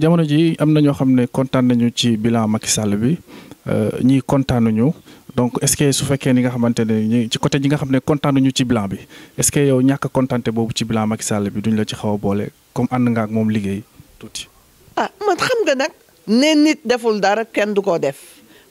jamono ji am na ñoo xam ne kontaan nañu ci bilan Macky Sall bi euh, ñii kontaanuñu donc est-ce que su fekkee ni nga xamante ne ci côté ñi nga xam ne kontaanuñu ci bilan bi est que yow ñàkk kontaante boobu ci bilan Macky Sall bi duñu la ci xaw a boole comme ànd nga ak moom liggéey tuuti. ah xam nga nag ne nit deful dara kenn du ko def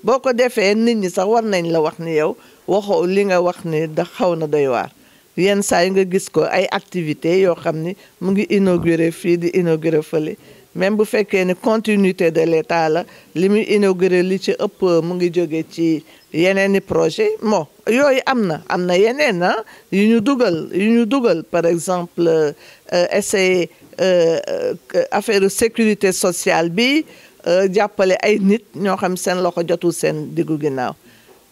boo ko defee nit ñi sax war nañ la wax ni yow waxoo li nga wax ni da xaw na doy waar. yenn saa yi nga gis ko ay activités yoo xam ni mu ngi inauguré fii di inauguré fële. même bu fekkee ni continuité de l'État la li muy inauguré li ci ëpp mu ngi jóge ci yeneen i projet bon yooyu am na am na yeneen ah yu ñu dugal yu ñu dugal par exemple euh, essayer euh, euh, affaire sécurité sociale bi jàppale ay nit ñoo xam seen loxo jotul seen diggu ginnaaw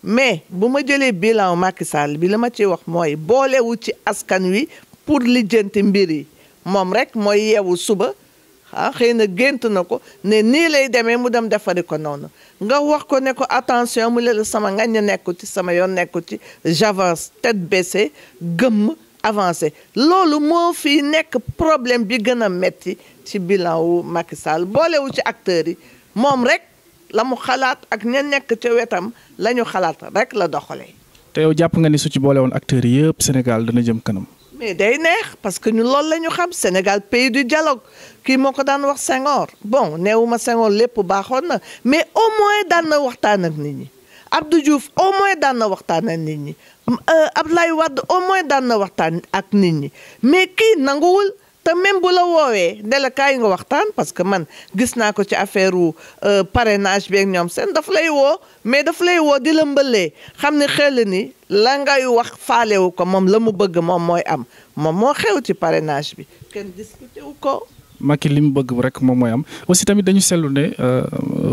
mais bu ma jëlee bilan Macky Sall bi la ma ci wax mooy boolewu ci askan wi pour lijjanti mbir yi moom rek mooy yeewu suba ah xëy na gént na ko ne nii lay demee mu dem defari ko noonu nga wax ko ne ko attention mu ne la sama ngañ nekku ci sama yoon nekku ci j'avance tête baissée gëmm avancé loolu moo fi nekk problème bi gën a metti ci bilan wu Macky Sall boolewu ci acteur yi moom rek la mu xalaat ak ña nekk ca wetam la ñu xalaat rek la doxalee. te yow jàpp nga ni su ci boole woon acteurs yëpp Sénégal dana jëm kanam. mais day neex parce que ñu loolu la ñu xam Sénégal pays du dialogue kii moo ko daan wax sengoor bon neewu ma Senghor lépp baaxoon na mais au moins daan na waxtaan ak nit ñi Abdou Diouf au moins daan na waxtaan ak nit ñi euh, Abdoulaye Wade au moins daan na waxtaan ak nit ñi mais kii nanguwul. te même bu la woowee dela kaay nga waxtaan parce que man gis naa ko ci affaire u euh, parrainage beeg ñoom seen dafa lay woo mais dafa lay woo di la mbëlee xam ne xel ni la ngay wax faalewu ko moom la mu bëgg moom mooy am moom moo xew ci parrainage bi kenn discuté wu ko. Macky li mu bëgg rek moom mooy am aussi tamit dañu seetlu ne euh,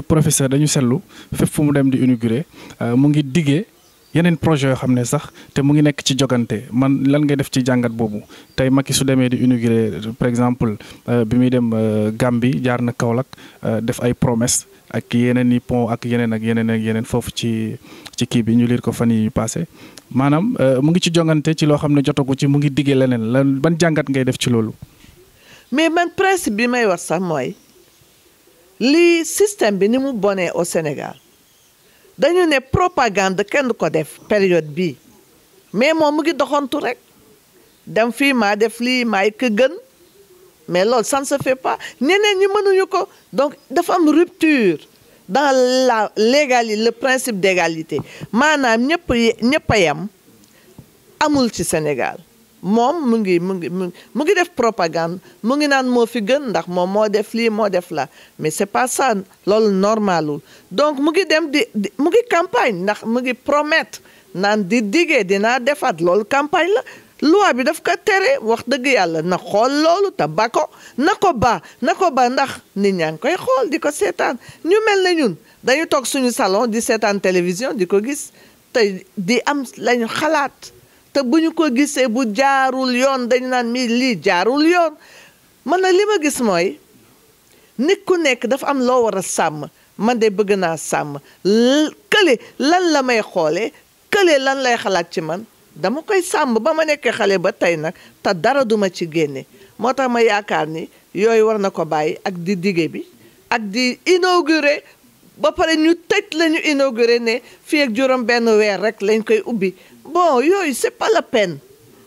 professeur dañu seetlu fépp fu mu dem di inauguré euh, mu ngi diggee. yeneen projet yoo xam ne sax te mu ngi nekk ci jogante man lan ngay def ci jàngat boobu tey Macky su demee di inauguré par exemple euh, bi muy dem euh, Gambie jaar na Kaolack euh, def ay promesse ak yeneen i pont ak yeneen ak yeneen ak yeneen foofu ci ci kii bi ñu liir ko fan yi passé maanaam mu ngi ci jongante ci loo xam ne jotagu ci mu ngi diggee leneen lan ban jàngat ngay def ci loolu. mais man principe bi may wax sax mooy lii système bi ni mu bonee au Sénégal. dañu ne propagande kenn du ko def période bii mais moom mu ngi doxantu rek dem fii maa def lii maay ka gën mais loolu ça ne se fait pas ñeneen ñi mënuñu ko donc dafa am rupture dans la légalité le principe d'égalité maanaam ñëpp ñëpp a yem amul ci Sénégal moom mu ngi mu ngi mu ngi def propagande mu ngi naan moo fi gën ndax moom moo def lii moo def la mais c'est pas ça loolu normalul donc mu ngi dem di mu ngi campagne ndax mu ngi promettre naan di diggee dinaa defaat loolu campagne la loi bi daf ko tere wax dëgg yàlla na xool loolu te ba ko na ko ba na ko ba ndax nit ñaa ngi koy xool di ko seetaan ñu mel na ñun dañu toog suñu salon di seetaan télévision di ko gis te di am lañu xalaat te bu ñu ko gisee bu jaarul yoon dañu naan mi lii jaarul yoon mën na li ma gis mooy nit ku nekk dafa am loo war a sàmm man de bëgg naa sàmm kële lan la may xoolee kële lan lay xalaat ci man dama koy sàmm ba ma nekkee xale ba tey nag te dara duma ci génne moo tax ma yaakaar ni yooyu war na ko bàyyi ak di dige bi ak di inauguré ba pare ñu tëj lañu ñu inauguré ne fii ak juróom benn weer rek lañ koy ubbi bon yooyu c'est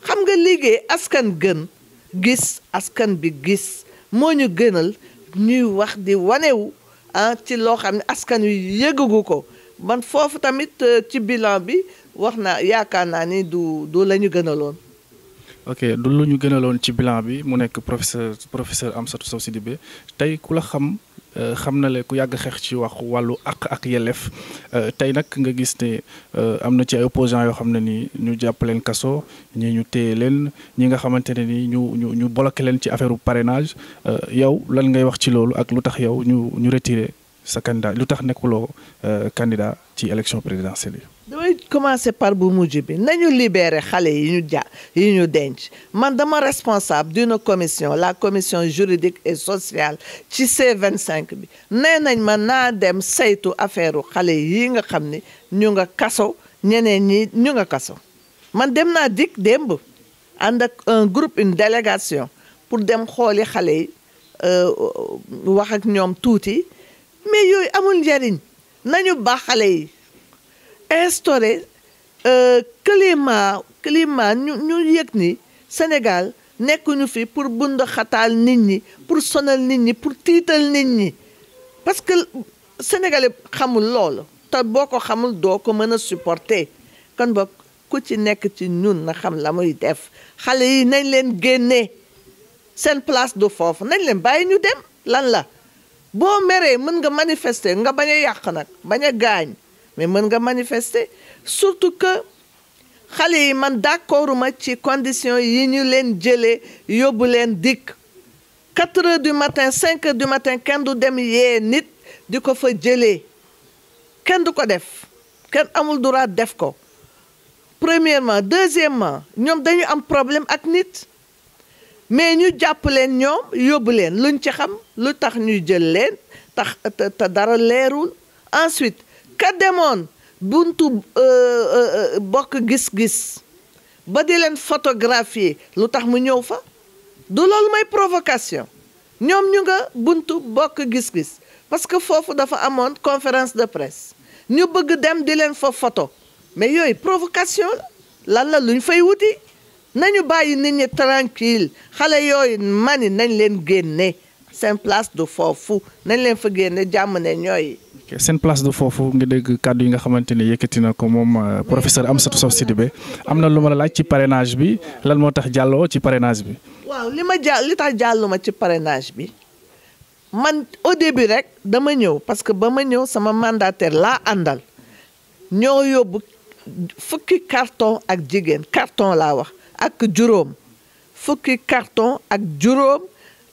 xam nga liggéey askan gën gis askan bi gis moo ñu gënal ñuy wax di wanewu ah ci loo xam ne askan wi yëgagu ko man foofu tamit euh, ci bilan bi wax naa yaakaar naa ni du du la ñu gënaloon. ok du lu ñu gënaloon ci bilan bi mu nekk professeur professeur Amsatou Sow Sidibé tey ku la xam. xam na leen ku yàgg xeex ci wax wàllu ak ak yelleef euh, tey nag nga gis ne euh, am na ci ay opposants yoo xam ne nii ñu jàpp leen kaso ñi ñu téye leen ñi nga xamante ne nii ñu ñu ñu bloqué leen ci affaire parrainage euh, yow lan ngay wax ci loolu ak lu tax yow ñu ñu retiré sa candidat lu tax nekkuloo candidat ci élection présidentielle yi damay commencer par bu mujj bi nañu libeere xale yi ñu ja yi ñu denc man dama responsable na commission la commission juridique et sociale ci c cinq bi nee nañ ma naa dem saytu affaire xale yi nga xam ni ñu nga kaso ñeneen ñi ñu nga kaso man dem naa dikk démb ànd ak un groupe une délégation pour dem xooli xale yi euh, wax ak ñoom tuuti mais yooyu amul njariñ nañu baax xale yi instauré euh, climat climat ñu ñu yëg ni Sénégal nekkuñu fi pour bund xataal nit ñi pour sonal nit ñi pour tiital nit ñi parce que sénégalais xamul loolu te boo ko xamul doo ko mën a supporter kon ba ku ci nekk ci ñun na xam la muy def xale yi nañ leen génnee seen place du foofu nañ leen bàyyi ñu dem lan la boo meree mën nga manifester nga bañ a yàq nag bañ a gaañ mais mën nga manifester surtout que xale yi man d'accorduma ci condition yi ñu leen jëlee yóbbu leen dikk quatre heures du matin cinq heures du kenn du dem yee nit di ko fa jëlee kenn du ko def kenn amul droit def ko premièrement deuxièmement ñoom dañu am problème ak nit mais ñu jàpp leen ñoom yóbbu leen luñ ci xam lu tax ñuy jël leen tax te dara leerul ensuite ka demoon buntu euh, euh, euh, bokk gis-gis ba di leen photographier lu tax mu ñëw fa du loolu may provocation ñoom ñu nga buntu bokk gis-gis parce que foofu dafa amoon conférence de presse ñu bëgg dem di leen fa photo mais yooyu provocation lan la luñ fay wuti nañu bàyyi nit ñi tranquille xale yooyu mani nañ leen génne seen place du foofu nañ leen fëggee génne jàmm ne ñooy. seen place du foofu nga dégg kàddu yi nga xamante ni yëkkati na ko moom am euh, Amsatou Sow Sidibé am na lu ma la laaj ci parrainage bi lan moo tax jàlloo ci parrainage bi. waaw li ma ja li tax jàlluma ci parrainage bi man au bi rek dama ñëw parce que ba ma ñëw sama mandataire laa àndal ñoo yóbbu fukki carton ak jigéen carton laa wax ak juróom fukki carton ak juróom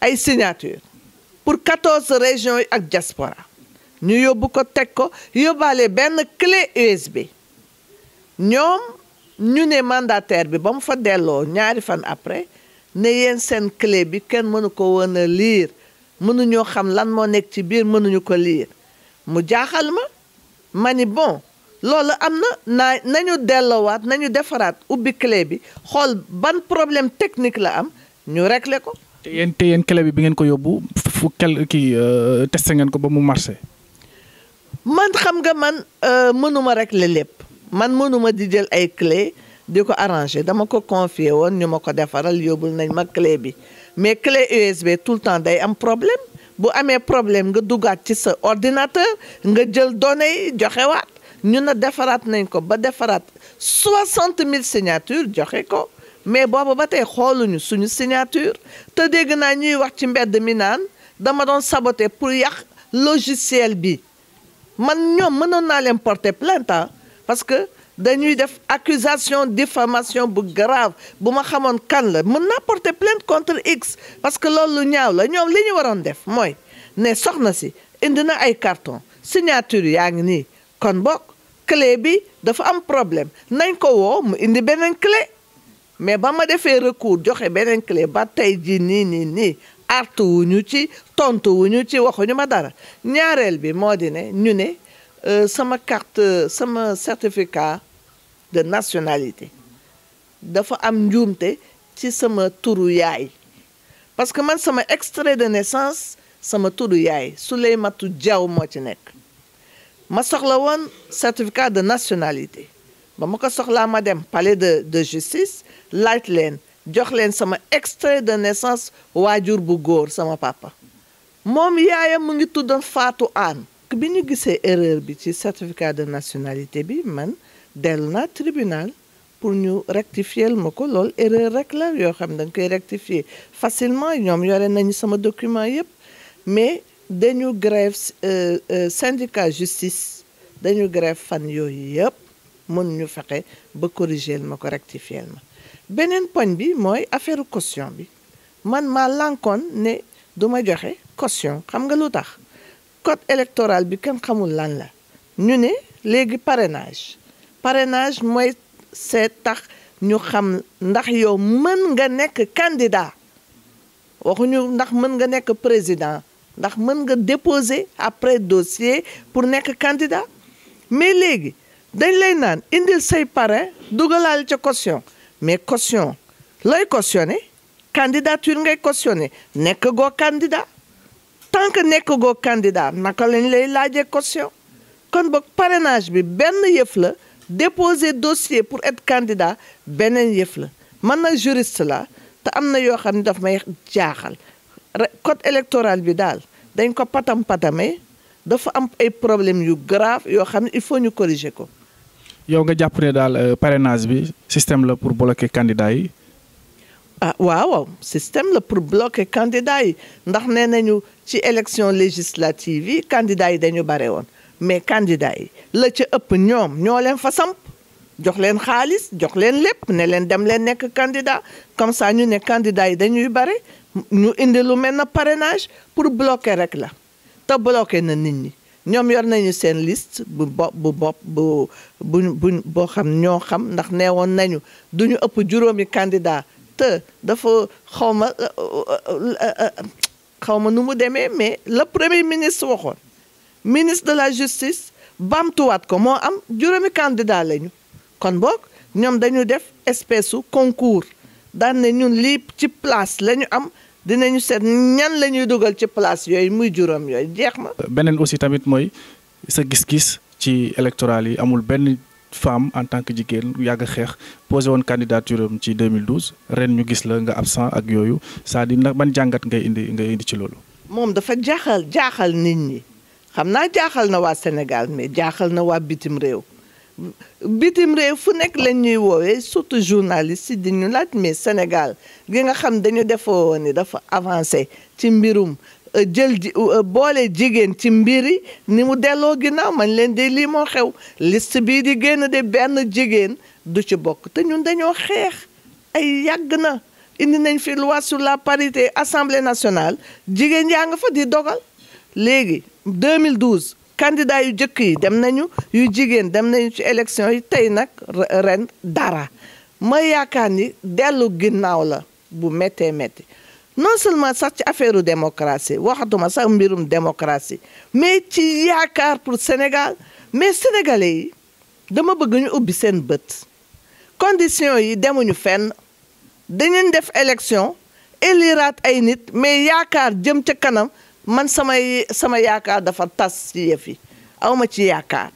ay signature pour quatorze régions yi ak diaspora ñu yóbbu ko teg ko yóbbaale benn clé bi ñoom ñu ne mandataire bi ba mu fa delloo ñaari fan après ne yéen seen clé bi kenn mënu ko woon a liir mënuñoo xam lan moo nekk ci biir mënuñu ko liir mu jaaxal ma ma ni bon loolu am na naa nañu delloowaat nañu defaraat ubbi clé bi xool ban problème technique la am ñu régler ko te yéen te yéen clé bi bi ngeen ko yóbbu fu kel kii euh, testé ngeen ko ba mu marché. man xam nga man euh, mënuma rek la lépp man mënuma di jël ay cle di ko arrangé dama ko confié woon ñu ma ko defaral yóbbul nañ ma cle bi mais cle USB tout le temps day am problème bu amee problème nga duggaat ci sa ordinateur nga jël données yi joxewaat ñu ne defaraat nañ ko ba defaraat soixante mille signature joxe ko mais booba ba tey xooluñu suñu signature te dégg naa ñuy wax ci mbedd mi naan dama doon saboter pour yàq logiciel bi man ñoom mënoon naa leen porter plainte ah, parce que dañuy def accusation diffamation bu grave bu ma xamoon kan la mën naa porter plainte contre X parce que loolu ñaaw la ñoom li ñu waroon def mooy ne soxna si indi na ay carton signature yaa ngi nii kon bokk clé bi dafa am problème nañ ko woo mu indi beneen clé mais ba ma defee recours joxe beneen clé ba tey ji nii nii nii artu ñu ci tontu ñu ci ñu ma dara ñaareel bi moo di ne ñu ne euh, sama carte sama certificat de nationalité dafa am njuumte ci sama turu yaay parce que man sama extrait de naissance sama turu yaay mattu Diaw moo ci nekk ma soxla woon certificat de nationalité ba ma ko soxlaa ma dem palais de de justice laaj leen jox leen sama extrait de naissance waajur bu góor sama papa moom yaayam mu ngi tuddoon Fatou Anne bi ñu gisee erreur bi ci certificat de nationalité bi man dell na tribunal pour ñu rectifier ma ko loolu erreur rek la yoo xam ne dañ koy rectifier facilement ñoom yore nañu sama document yépp mais dañu grève euh, euh, syndicat justice dañu grève fan yooyu yépp mën ñu fexe ba corrigeel ma ko rectifieel ma beneen poñ bi mooy affaire caution bi man maa lànkoon ne duma joxe caution xam nga lu tax code électoral bi kenn xamul lan la ñu ne léegi parenage parrainage mooy seet tax ñu xam ndax yow mën nga nekk candidat waxuñu ndax mën nga nekk président ndax mën nga déposer après dossier pour nekk candidat mais léegi dañ lay naan indil say parrain dugalaal ca caution mais caution looy cautionné candidature ngay cautionné nekk goo candidat tant que nekk goo candidat naka lañ lay laajee caution kon boog parenage bi benn yëf la déposé dossier pour être candidat beneen yëf la man na juriste la te am na yoo xam ne dafa may jaaxal code électoral bi daal dañ ko patam-patamee dafa am ay problème yu grave yoo xam ne il faut ñu corriger ko yow nga jàpp ne daal euh, parrainage bi système la pour bloquer candidat yi. ah waaw waaw système la pour bloquer candidat yi ndax nee nañu ci élection législative yi candidat yi dañu bare woon mais candidat yi la ci ëpp ñoom ñoo leen fa samp jox leen xaalis jox leen lépp ne leen dem leen nekk candidat comme ñu ne candidat yi dañuy bare ñu indi lu mel na parenage pour bloquer rek la te bloquer na nit ñi. ñoom yor nañu seen liste bu bopp bu bopp bu boo xam ñoo xam ndax neewoon nañu du ñu ëpp juróomi candidat te dafa xaw ma euh, euh, euh, xaw ma nu mu demee mais le premier ministre waxoon ministre de la justice bamtuwaat ko moo am juróomi candidat lañu kon boog ñoom dañu def espèce su concours daan ne ñun lii ci place lañu am dina ñu seet ñan la ñuy dugal ci place yooyu muy juróom yooyu jeex na. beneen aussi tamit mooy sa gis-gis ci électoral yi amul benn femme en tant que jigéen yàgg xeex posé woon candidature am ci 2012 ren ñu gis la nga sant ak yooyu saa di dire nag ban jàngat ngay indi nga indi ci loolu. moom dafa jaaxal jaaxal nit ñi xam naa jaaxal na waa Sénégal mais jaaxal na waa bitim réew. bitim réew fu nekk lañ ñuy woowee surtout journalist di ñu laaj mais Sénégal gi nga xam dañu defoo ni dafa avancé ci mbirum euh, jël ji euh, euh, boole jigéen ci mbiri ni mu delloo ginnaaw man leen di lii moo xew list bii di génn de benn jigéen du ci bokk te ñun dañoo xeex ay yàgg na indi nañ fi loi sur la parité assemblée nationale jigéen yaa nga fa di dogal léegi 2012 candidat yu jëkk yi dem nañu yu jigéen dem nañu ci élection yi tey nag ren dara ma yaakaar ni dellu ginnaaw la bu méttee métti non seulement sax ci affaire u waxatuma sax mbirum démocratie mais ci yaakaar pour Sénégal mais sénégalais yi dama bëgg ñu ubbi seen bët condition yi demuñu fenn dañuy def élection éliraat ay nit mais yaakaar jëm ca kanam man samay sama yaakaar dafa tas ci yëf yi aw ma ci yaakaar.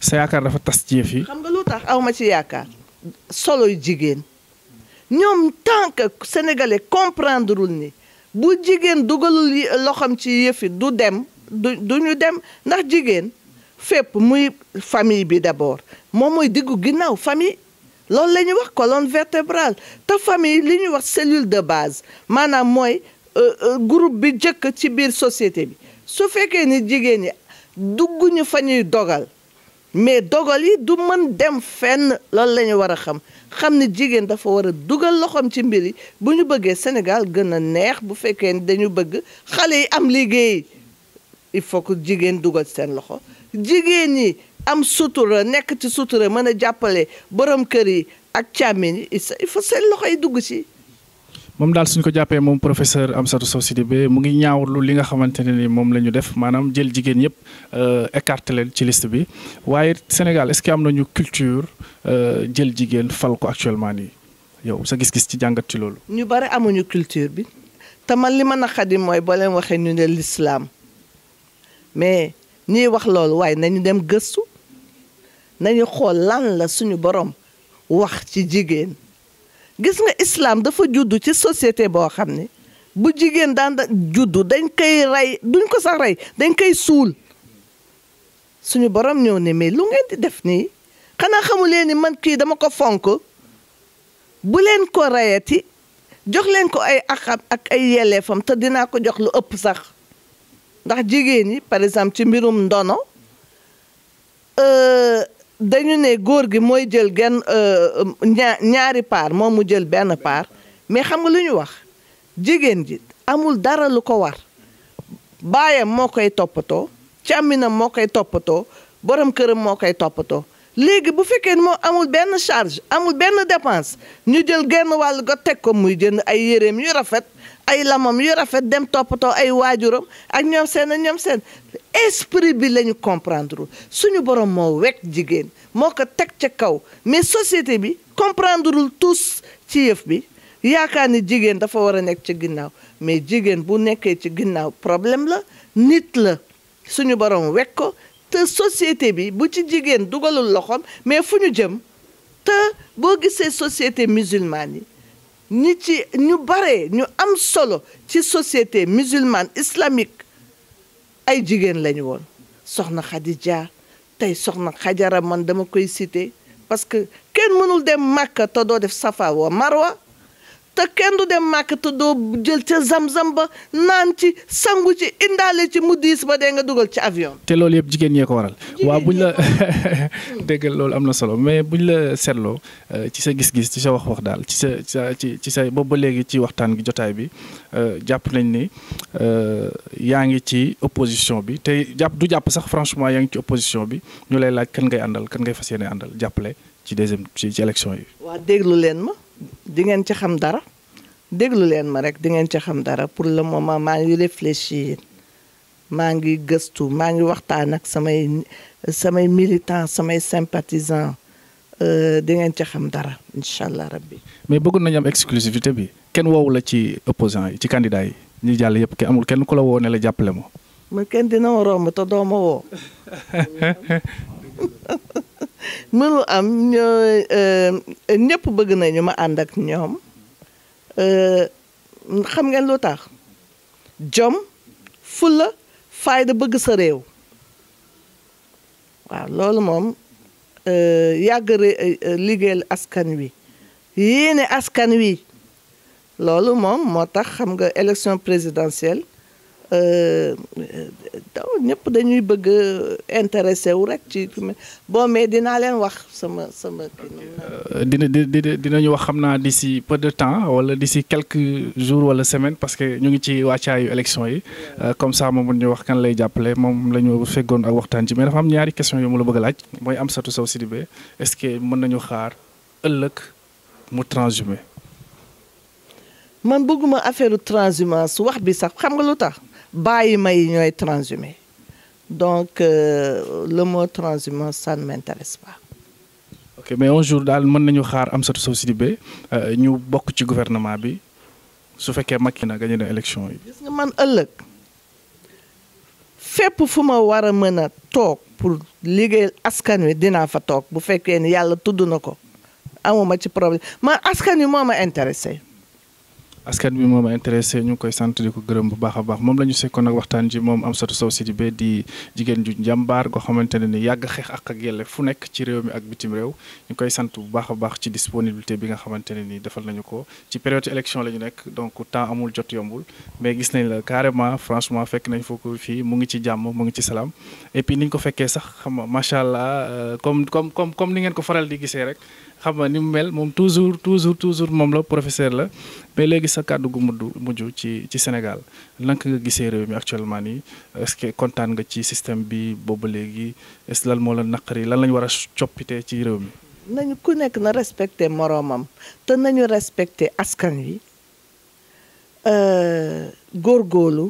sa yaakaar dafa tas ci yëf yi. xam nga lu tax aw ma ci yaakaar solo jigéen ñoom tant que sénégalais comprendrewul ni bu jigéen dugalul loxam ci yëf yi du dem du du ñu dem ndax jigéen fépp muy famille bi d'abord moom mooy diggu ginnaaw famille. loolu la ñuy wax colonne vertébrale te famille li ñuy wax cellule de base maanaam mooy Euh, euh, groupe bi jëkk ci biir société bi su fekkee ni jigéen ñi dugguñu fa ñuy dogal mais dogal yi du mën dem fenn loolu lañu war a xam xam ni jigéen dafa war a dugal loxoom ci mbir yi bu ñu bëggee Sénégal gën a neex bu fekkee ni dañu bëgg xale yi am liggéey il faut que jigéen dugal seen loxo jigéen ñi am sutura nekk ci sutura mën a jàppale borom kër yi ak càmmiñ yi il faut seen loxo yi dugg ci moom daal suñu ko jàppee moom professeur Amsatou Sow Sidibé mu ngi ñaawlu li nga xamante ne ni moom la ñu def maanaam jël jigéen yëpp euh, écarté leen ci liste bi waaye Sénégal est-ce que am nañu culture euh, jël jigéen fal ko actuellement nii yow sa gis-gis ci jàngat ci loolu. ñu bare amuñu culture bi te man li a naqadi mooy boo waxee ñu ne l'islam mais ñuy wax loolu waaye nañu dem gëstu nañu xool lan la suñu borom wax ci jigéen. gis nga islam dafa juddu ci société boo xam ne bu jigéen daan juddu dañ koy rey duñ ko sax rey dañ koy suul suñu borom ñëw ne mais lu ngeen di def nii xanaa xamu leen ni man kii dama ko fonk bu leen ko rayati jox leen ko ay axam ak ay yeleefam te dinaa ko jox lu ëpp sax ndax jigéen yi par exemple ci mbirum ndono euh, dañu ne góor gi mooy jël genn euh, euh, ñaa ñaari paar moom mu jël benn paar mais xam nga lu ñu wax jigéen ji amul dara lu ko war baayam moo koy toppatoo càmminam moo koy toppatoo borom këram moo koy toppatoo léegi bu fekkee moo amul benn charge amul benn dépense ñu jël genn wàll ga teg ko muy jënd ay yéreem yu rafet ay lamam yu rafet dem toppatoo ay waajuram ak ñoom seen ak ñoom seen esprit bi lañu comprendre suñu borom moo wekk jigéen moo ko teg ca kaw mais société bi comprendreul tous ci yëf bi yaakaar ni jigéen dafa war a nekk ci ginnaaw mais jigéen bu nekkee ci ginnaaw problème la nit la suñu borom wekk ko te société bi bu ci jigéen dugalul loxoom mais fu ñu jëm te boo gisee société musulmane yi ñi ci ñu bare ñu am solo ci société musulmane islamique ay jigéen lañu woon soxna Khadija tey soxna Xajara man dama koy cité parce que kenn mënul dem Màkka te doo def Safa wa Marwa te kenn du dem màkk te doo jël ca zam-zam ba naan ci sangu ci indaale ci mu diis ba dee nga dugal ci avion. te loolu yëpp jigéen ñee ko waral. waaw buñ la dégg loolu am na solo mais buñ la seetloo euh, ci sa gis-gis ci sa wax-wax daal ci sa sa ci ci sa boobu ba léegi ci waxtaan gi jotaay bi euh, jàpp nañ ni euh, yaa ngi ci opposition bi te jàpp du jàpp sax franchement yaa ngi ci opposition bi ñu lay laaj kan ngay àndal kan ngay fas yéene àndal jàppale ci deuxième ci ci yi. di ngeen ci xam dara déglu leen ma rek di ngeen ci xam dara pour la moment maa ngi réfléchir maa ngi gëstu maa ngi waxtaan ak samay samay militant samay sympathisant euh, di ngeen ci xam dara incha allah rabbi mais bëggoon nañu am exclusivité bi kenn woowu la ci opposant yi ci candidat yi ñuy jàll yëpp ki amul kenn ku la woo ne la jàppale ma. ma kenn dina ma romb te doo woo. mënul am ñoo euh, ñëpp bëgg nañu ma ànd ak ñoom euh, xam ngeen lu tax jom fulla fayda bëgg sa réew waaw loolu moom euh, yàgg liggéeyal askan wi yéene askan wi loolu moom moo tax xam nga élection présidentielle daw euh, euh, euh, ñëpp dañuy bëgg intéressé wu rek ci boo mais dinaa leen wax sama sama kii. dina dina dinañu wax xam naa di d'ici peu de temps wala d'ici quelque jour wala semaine parce que ñu ngi ci wàccaayu élection yi comme ça moom mu ñu wax kan lay jàppale moom la ñu feggoon ak waxtaan ci mais dafa am ñaari question yu mu la bëgg a laaj mooy Amsatou Sow Sidibé est-ce que mën nañu xaar ëllëg mu transhumé. man bëgguma affaire transhumance wax bi sax xam nga lu tax. bàyyi ma yi ñooy transhumé donc euh, le mot transhumance ça ne m'intéresse pas. ok mais un jour daal mën nañu xaar Amsatou Sow Sidibé euh, ñu bokk ci gouvernement bi su fekkee Macky na gagné na élection yi. man ëllëg fépp fu ma war a mën a toog pour liggéey askan wi dinaa fa toog bu fekkee ni yàlla tudd na ko amuma ci problème man askan wi moo ma intéressé. askan bi moom a intéressé ñu ngi koy sant di ko gërëm bu baax a baax moom la ñu sekkoon ak waxtaan ji moom Amsatou Sow Sidibé di jigéen ju jàmbaar goo xamante ne ni yàgg xeex ak ak yelle fu nekk ci réew mi ak bitim réew ñu koy sant bu baax a baax ci disponibilité bi nga xamante ne ni defal nañu ko ci période élection la ñu nekk donc temps amul jot yombul mais gis nañ la carrément franchement fekk nañ foo ko fii mu ngi ci jàmm mu ngi ci salaam et puis ñu ko fekkee sax xam nga macha allah euh, comme comme comme comme ni ngeen ko faral di gisee rek xam nga ni mu mel moom toujours toujours toujours moom la professeur la mais léegi sa kàddu gu mujj mujj ci ci Sénégal lank nga gisee réew mi actuellement nii est que kontaan nga ci système bi booba léegi est lan moo la naqari lan lañu war a coppite ci réew mi. nañu ku nekk na respecté moroomam te nañu respecté askan wi euh, góorgóorlu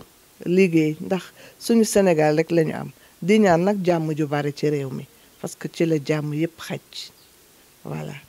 liggéey ndax suñu Sénégal rek lañu am di ñaan nag jàmm ju bari ci réew mi parce que ci la jàmm yépp xecc voilà